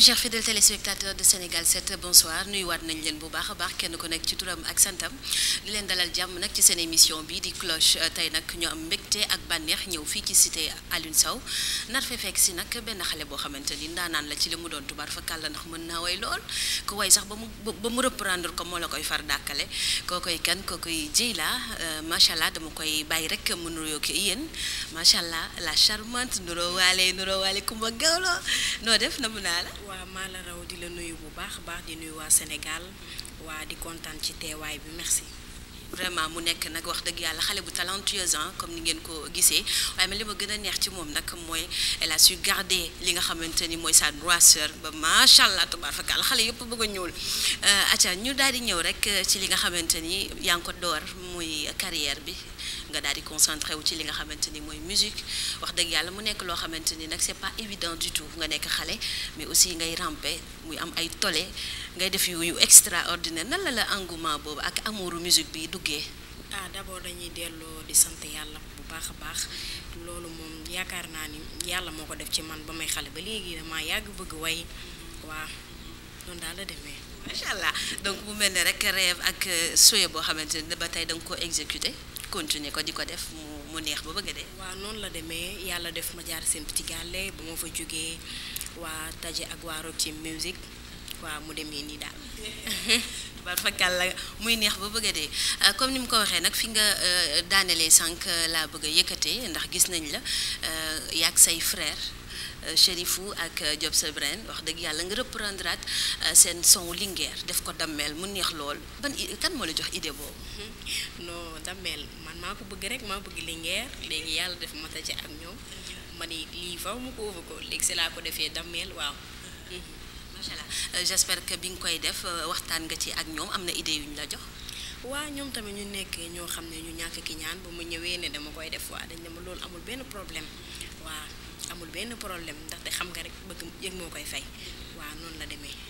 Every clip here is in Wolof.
Ami cher fidèle téléspectateur de Sénégal 7 bonsoir nuyuwaat nañ leen bu baax a baax kenn ku nekk ci turam ak santam di leen dalal jàmm nag ci seen émission bi di cloche euh, tey nag ñoo am mbégte ak bànneex ñëw fii ci cité Alioune Sow nar fe fekk si nag benn xale boo xamante ni ndaanaan la ci li mu doon tubaar fa kàlla ndax mën naa way lool ku way sax ba mu ba mu reprendre ko moo la koy far dàkkale koo koy kan koo koy jiy la euh, macha allah dama koy bàyyi rek mu nuyoo ak yéen macha allah la charmante nuroo waale nuroo waale kumba gawlo noo def na mu naa la waa maala raw di la nuyu bu baax baax di nuyu waa Sénégal waa di kontaan ci teewaay bi merci. vraiment mu nekk nag wax dëgg yàlla xale bu talentueuse comme ni ngeen ko gisee waaye man li ma gën a neex ci moom nag mooy elle a su garder li nga xamante ni mooy sa droiture ba macha allah tubaarfakala xale yëpp bëgg a ñuul. Euh, acca ñu daal di ñëw rek ci li nga xamante ni yaa ngi ko door muy carrière bi. nga daal di concentré wu ci li nga xamante ni mooy musique wax dëgg yàlla mu nekk loo xamante ni nag c'est pas évident du tout nga nekk xale mais aussi ngay rampe muy am ay tole ngay def yu extraordinaire nan la la engouement boobu ak amouru musique bi duggee. ah d'abord dañuy delloo di sant yàlla bu baax a baax loolu moom yaakaar naa ni yàlla moo ko def ci man ba may xale ba léegi damaa yàgg bëgg way waa noonu daal la demee. macha allah donc bu mel ne rek rêve ak souhait boo xamante ne ba tey da nga ko exécuté. continuer ko di ko def mu mu neex ba bëgg a dee. waaw noonu la demee yàlla def ma jaar seen petit gàlle bu ma fa jógee waa taje ak waa Rock Team Music waaw mu demee nii daal. barfakal la muy neex ba bëgg a dee euh, comme ni mu ko waxee nag fi nga euh, daanelee sànq euh, laa bëgg a yëkkatee ndax gis nañ la yaag say frère Chérifou ak Diop Sebren wax dëgg yàlla nga reprendre seen son Linguère def ko dammeel mu neex lool ban kan moo la jox idée boobu. dammel man maa ko bëgg rek maa bëgg Linguère léegi yàlla def ma daje ak ñoom ma ni lii faw mu ko ko léegi si laa ko defee dammel waaw. Mhm. macha allah euh, que bi nga koy def euh, waxtaan nga ci ak ñoom am na idée yu ñu la jox. waa ñoom tamit ñu nekk ñoo xam ne ñu ñàkk ki ñaan ba mu ñëwee ne dama koy def waa dañ ne ma loolu amul benn problème waa amul benn problème ndaxte xam nga rek bëgg yëg moo koy fay waa noonu la demee.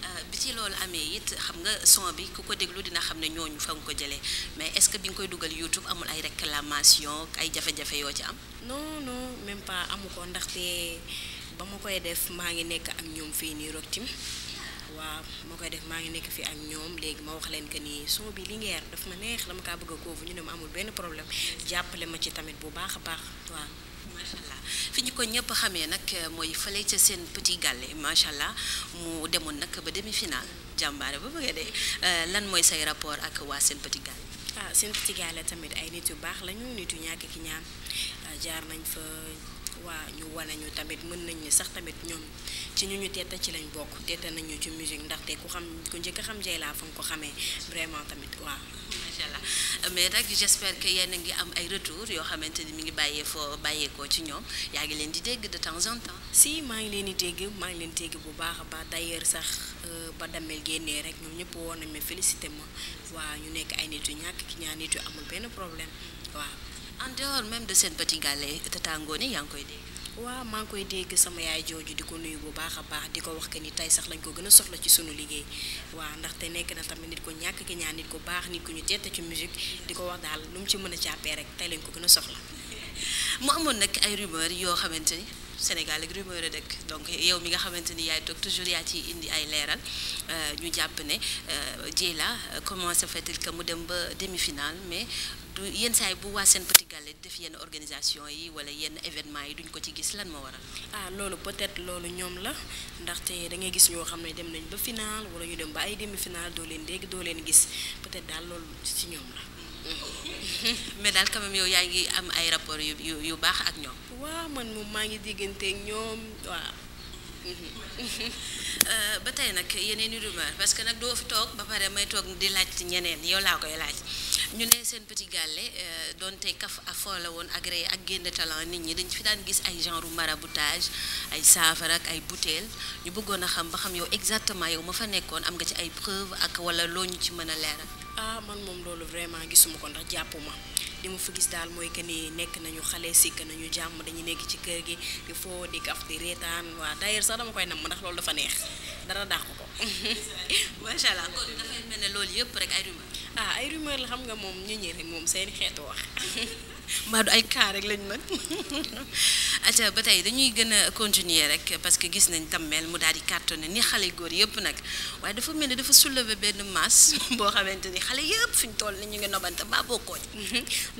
Euh, bi ci loolu amee it xam nga son bi ku ko déglu dina xam ne ñooñu fa nga ko jëlee mais est-ce que bi nga koy dugal YouTube amul ay réclamation ay jafe-jafe yoo ci am. non non même pas amu ko ndaxte ba ma koy def maa ngi nekk ak ñoom fii nii Rock Team waaw koy def maa ngi nekk fii ak ñoom léegi ma wax leen que nii son bi Linguère daf ma neex dama kaa bëgg a koofu ñu ne ma amul benn problème jàppale ma ci tamit bu baax a baax waaw. macha allah fi ñu ko ñëpp xamee nag euh, mooy fële ca seen petit gàlle macha allah mu demoon nag ba demi-finale jàmbaare ba bëggee de euh, lan mooy say rapport ak waa seen petit ah, seen petit tamit ay nit yu baax lañu nit yu ñàkk ki ñaan ah, jaar nañ fa. waa ñu wane ñu tamit mën nañ ni sax tamit ñoom ci ñu ñu teeta ci lañ bokk teeta nañu ci musique ndaxte ku xam ku njëkk a xam Dieyla fa nga ko xamee vraiment tamit waa macha mais rek j'espère que yéen a ngi am ay retour yoo xamante ni mi ngi bàyyee foo bàyyeekoo ci ñoom yaa ngi leen di dégg de temps en temps. si maa ngi leen di dégg maa ngi leen di dégg bu baax a baax d'ailleurs sax euh, ba damel génnee rek ñoom ñëpp woon a ma félicité ma waa ñu nekk ay nit yu ñàkk ki ñaar nit yu amul benn problème waaw. en dehors même de seen petit te Tata Ngoni yaa ngi koy dégg. waaw maa ngi koy dégg sama yaay jooju di ko nuyu bu baax a baax di ko wax que ni tey sax lañ ko gën a soxla ci suñu liggéey waa ndax ndaxte nekk na tamit nit ko ñàkk gi ñaan nit ko baax nit ko ñu tette ci musique di ko wax daal lu mu ci mën a càppee rek tey lañ ko gën a soxla. mu amoon nag ay rumeur yoo xamante ni Sénégal ak rumeur donc yow mi nga xamante ni yaay toog toujours yaa ci indi ay leeral euh, ñu jàpp ne Dieyla euh, euh, comment se fait-il que mu dem ba demi-finale mais du yenn saa bu waa seen petit gàlle fi yenn organisation yi wala yenn événement yi duñ ko ci gis lan moo waral. ah loolu peut-être loolu ñoom la ndaxte da ngay gis ñoo xam ne dem nañ ba final wala ñu dem ba ay demi-finale doo leen dégg doo leen gis peut daal loolu ci ñoom la. mais daal quand même yow yaa ngi am ay rapport yu yu yu baax ak ñoom. waaw man moom maa ngi digganteeg ñoom waaw. Euh, ba tey nag yeneen i rumeur parce que nag doo fi toog ba pare may toog di laaj ci ñeneen yow laa koy laaj. ñu ne seen petit gàlle euh, donte kaf a foo la woon agréé ak génn talent nit ñi dañ fi daan gis ay genre maraboutage ay saafara ay butéel ñu bëggoon a xam ba xam yow exactement yow ma fa nekkoon am nga ci ay preuve ak wala loo ñu ci mën a leeral. ah man moom loolu vraiment gisuma ko ndax jàppuma li ma fa gis daal mooy que nii nekk nañu xale sikk nañu jàmm dañu nekk ci kër gi di foo di kaf di reetaan waa d'ailleurs sax dama koy nam ndax loolu dafa neex dara dàq ko. loolu yëpp rek ay ah ay rumeur la xam nga moom ñu ñëw moom seeni xeetu wax mbaa du ay cas rek lañ mën acca ba tey dañuy gën a continuer rek parce que gis nañ tàmmeel mu daal di cartonné ni xale góor yëpp nag waaye dafa mel ni dafa soulever benn masse boo xamante ni xale yëpp fi ñu toll ni ñu ngi nobante mbaa bokkooñ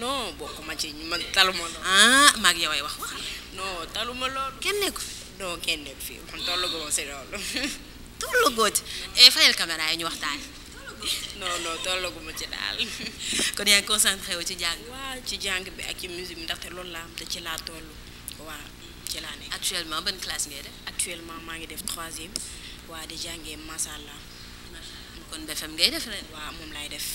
non bokkuma ci man taluma lool ah maag yow ay wax wax non taluma lool kenn nekku fi non kenn nekku fi man tollu goo si loolu tollu goo ci eh, fayal caméra yi ñu waxtaan non non tollaguma ci daal kon yaa ngi ci jàng. waaw ci jàng bi ak ci musique bi ndaxte loolu laa am te ci laa toll waa ci laa nekk. actuellement ban classe ngay actuellement maa ngi def troisième waa di jàngee macha allah. kon BFM ngay def ren. waaw moom laay def.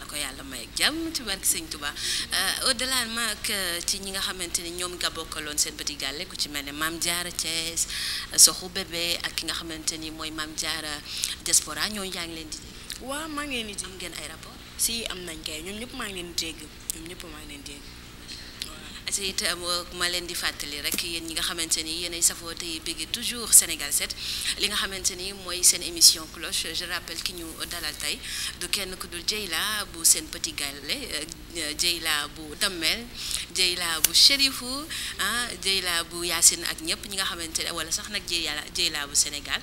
la ko yàlla may jàmm ci barke Sëñ Touba euh, au delà maak euh, ci ñi nga xamante ni ñoom nga bokkaloon seen bëti gàlle ku ci mel ne maam Diarra Thiès euh, Soxu Bébé ak ki nga xamante ni mooy Mame Diarra Diaspora ñoo jàng leen di. waaw maa ngeen leen di ngeen ay rapport si am nañ kay ñoom ñëpp maa ngi leen di dégg ñoom ñëpp maa ngi leen di dégg te it ma leen di fàttali rek yéen ñi nga xamante nii yéenay safoo tey bëgg toujours Sénégal 7 li nga xamante ni mooy seen émission cloche je rappelle ki ñu dalal tey du kenn ku dul Dieyla bu seen petit galle euh, bu Damel Dieyla bu Chérifou ah bu Yacine ak ñëpp ñi nga xamante ne wala sax nag Dieyla Dieyla bu Sénégal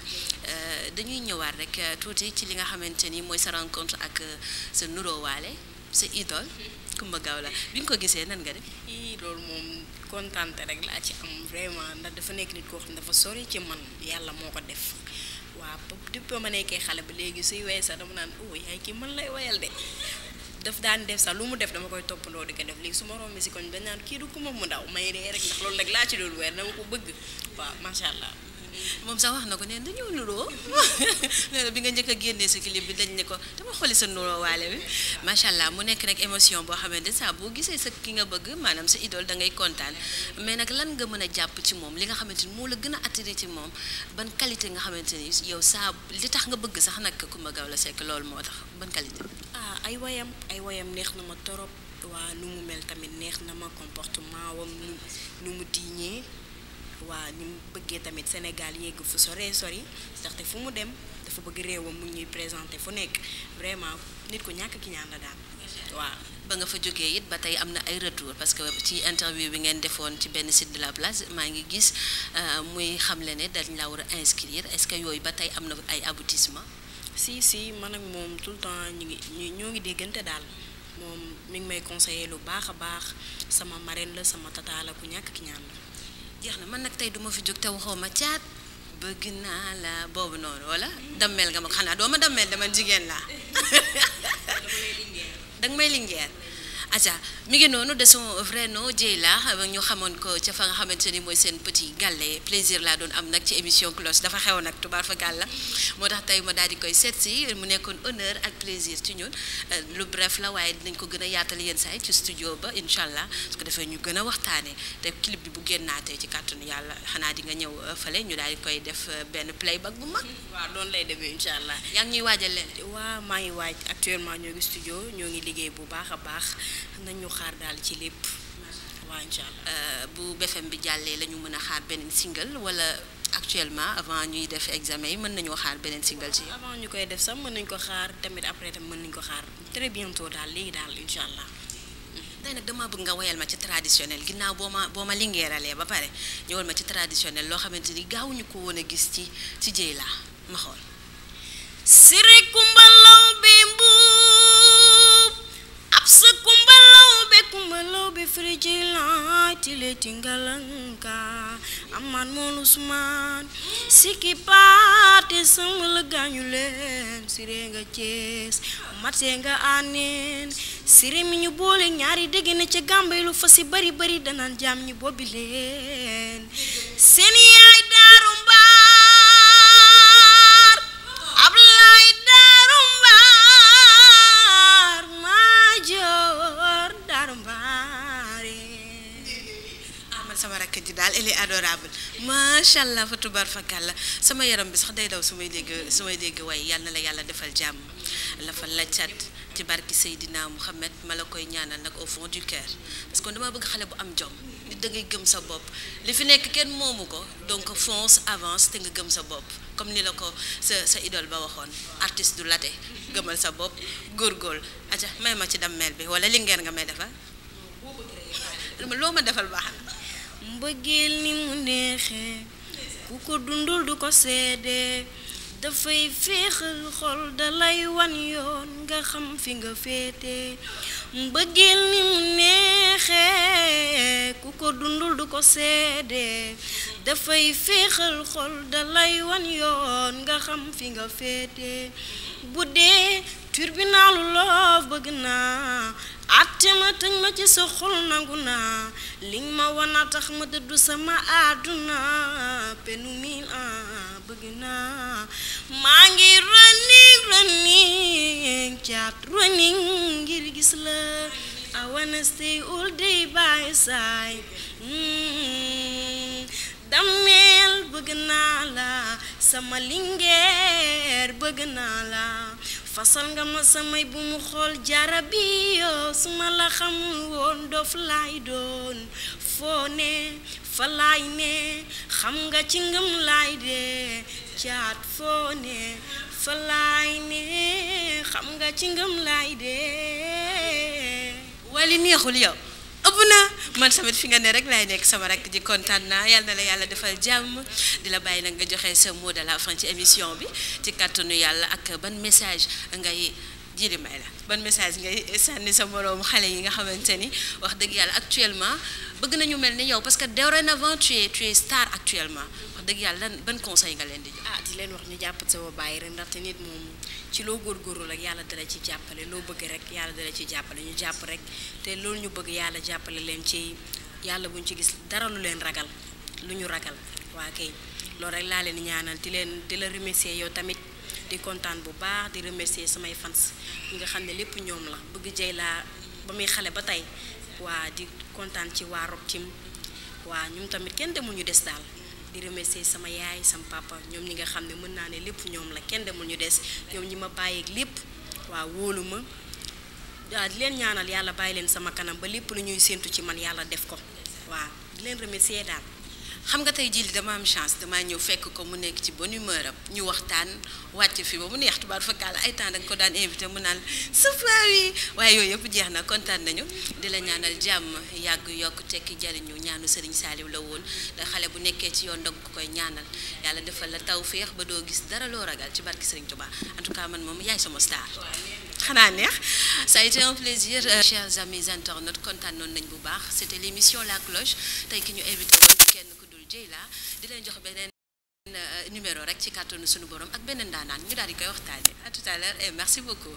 euh, dañuy ñëwaat rek tuuti ci li nga xamante ni mooy sa rencontre ak euh, sa nuróowaale sa idole Kumba bi nga ko gisee nan nga def. ii loolu moom kontaante rek laa ci am vraiment ndax dafa nekk nit koo xam ne dafa sori ci man yàlla moo ko def waaw depuis ma nekkee xale ba léegi suy wey sax dama naan oh yaay kii man lay wayal de. daf daan def sax lu mu def dama koy toppandoo di ko def léegi su ma rombee si koñ dañ naan kii du kuma mu ndaw may ree rek ndax loolu rek laa ci doon weer dama ko bëgg waaw macha allah. moom sax wax na ko neen dañoo nuroo nee na bi nga njëkk a génnee sa clip bi dañ ne ko dama xooli sa nuroo waale bi macha allah mu nekk nag émotion boo xamante saa boo gisee sa ki nga bëgg maanaam sa idole da ngay kontaan mais nag lan nga mën a jàpp ci moom li nga xamante ni moo la gën a attiré ci moom ban qualité nga xamante ni yow saa li tax nga bëgg sax nag gaaw la Seck loolu moo tax ban qualité. ah ay woyam ay woyam neex na ma torop waa nu mu mel tamit neex na ma comportement wam nu mu diiñee waa ñu bëggee tamit Sénégal yegg fu soree sori ndaxte fu mu dem dafa bëgg réewam mu ñuy présenté fu nekk vraiment nit ku ñàkk kiñaan ñaan la daal waaw ba nga fa jógee it ba tey am na ay retour parce que ci interview bi ngeen defoon ci benn site de la place maa ngi gis euh, muy xamle ne dañ la war a inscrire est-ce que yooyu ba tey am na ay aboutissement si si man ak moom tout le temps ñu ngi ñoo ngi déggante daal moom mi ngi may conseiller lu baax a baax sama marraine la sama tata ku ñàkk ki ñaan la jeex na man nag tey duma fi jóg te waxoo ma caat bëgg naa la boobu noonu wala dammel nga ma xanaa doo ma dammel dama jigéen la danga may lingeer aca mi ngi noonu de son vrai nom Dieyla ñu xamoon ko ca fa nga xamante ni mooy seen petit gàlle plaisir laa doon am nag ci émission cloche dafa xew nag tubaar fa gàlla moo tax tey ma daal di koy seet si mu nekkoon honneur ak plaisir ci ñun euh, lu bref la waaye dinañ ko gën a yaatal yenn saa yi ci studio ba incha allah su ko defee ñu gën a waxtaanee te clip bi bu génnaatee ci kàttanu yàlla xanaa di nga ñëw euh, fale ñu daal di koy def euh, benn playback bu mag. waaw noonu lay demee incha allah. yaa ñuy waajal leen. waaw maa ngi waaj actuellement ñoo ngi studio ñoo ngi liggéey bu baax a baax. nañu xaar daal ci lépp waaw incha allah euh, bu BFM bi jàllee la ñu mën a xaar beneen single wala actuellement avant ñuy def examen yi mën nañoo xaar beneen single ci avant ñu koy def sax mën nañu ko xaar tamit après tamit mën nañu ko xaar très bientôt daal léegi daal incha allah tey nag damaa bëgg nga ma ci traditionnel ginnaaw boo ma boo ma lingeeralee ba pare ñëwal ma ci traditionel loo xamante ni gaawuñu ko woon gis ci ci Dieyla ma xool siri kumbalaw bi mbuur firjil atileti ngalanka aman moon si siki paate samal gaañu leen sire nga cees mate nga aneen sire mi ñu boole ñaari dégg na ca gàmbay lu fa si bari bari danaan jaam ñi boobi leen seen yaay agréable macha allah fa tubar fa kàlla sama yaram bi sax day daw su may dégg su may dégg waaye yal na la yàlla defal jàmm la fa la cat ci barki Seydina Mouhamed ma la koy ñaanal nag au fond du cœur parce que dama bëgg xale bu am jom nit da gëm sa bopp li fi nekk kenn moomu ko donc fonce avance te nga gëm sa bopp comme ni la ko sa sa idole ba waxoon artist du late gëmal sa bopp góor aja may ma ci dammeel bi wala li ngeen nga may defal loo ma defal baax mbëggeel ni mu neexee ku ko dundul du ko seedee dafay féexal xol dalay wan yoon nga xam fi nga féete mbëggeel ni mu neexee ku ko dundul du ko seedee dafay féexal xol dalay wan yoon nga xam fi nga féete bu dee turbinaalu loo bëgg naa àtte ma tëj ma ci sa nangu naa liñ ma wana tax ma dëddu sama àdduna penu miin a bëgg naa maa ngi rëni rëni caat rëni ngir gis la I wanna stay all day by your side mm-hmm. bëgg naa la sama lingeer bëgg naa la fasal nga ma samay bu mu xool jarabi yoo su ma la xamul woon dof laay doon foo ne fa laay ne xam nga ci ngëm laay dee caat foo ne fa laay ne xam nga ci ngëm laay dee wali neexul yow soob na man tamit fi nga ne rek lay nekk sama rek ji kontaan naa yal na la yàlla defal jàmm di la bàyyi nag nga joxe sa mot de la ci émission bi ci kàttanu yàlla ak ban message ngay jili may la ban message ngay sànni sa moroom xale yi nga xamante ni wax dëgg yàlla actuellement bëgg nañu mel ni yow parce que dorénavant tu es tu es star actuellement wax dëgg yàlla lan ban conseil nga leen di ah di leen wax ñu jàpp sa bàyyi rek ndaxte nit moom ci loo góorgóorlu rek yàlla dala ci jàppale loo bëgg rek yàlla dala ci jàppale ñu jàpp rek te loolu ñu bëgg yàlla jàppale leen ci yàlla buñ ci gis dara lu leen ragal lu ñu ragal waa kay loolu rek laa leen ñaanal di leen di la remercier yow tamit di kontaan bu baax di remercier samay fans ki nga xam ne lépp ñoom la bëgg jëy laa ba muy xale ba tey waa di kontaan ci waa Rock Team tamit kenn demul ñu des daal. di remercier sama yaay sama papa ñoom ñi nga xam ne mën naa ne lépp ñoom la kenn demul ñu des ñoom ñi ma bàyyeeg lépp waaw wóolu ma di leen ñaanal yàlla bàyyi leen sama kanam ba lépp lu ñuy séentu ci man yàlla def ko waaw di leen remercier daal xam nga tey jii li dama am chance damaa ñëw fekk ko mu nekk ci bonne humeur am ñu waxtaan wàcc fi ba mu neex tubaab fakkaal ay temps da ko daan invité mu naan sëfa yi waaye yooyu yëpp jeex na kontaan nañu di la ñaanal jàmm yàgg yokk tekki jariñu ñaanu Serigne Saliou la woon da xale bu nekkee ci yoon dog koy ñaanal yàlla defal la tawféex ba doo gis dara loo ragal ci barki Serigne Touba en tout cas man moom yaay sama star xanaa neex ça a été un plaisir euh, kontaan noonu nañ bu baax c'était l'émission La Cloche tey ki ñu invité Dieyla di leen jox beneen euh, numéro rek ci kàttanu sunu borom ak beneen daanaan ñu daal di koy waxtaane à tout à l'heure et merci beaucoup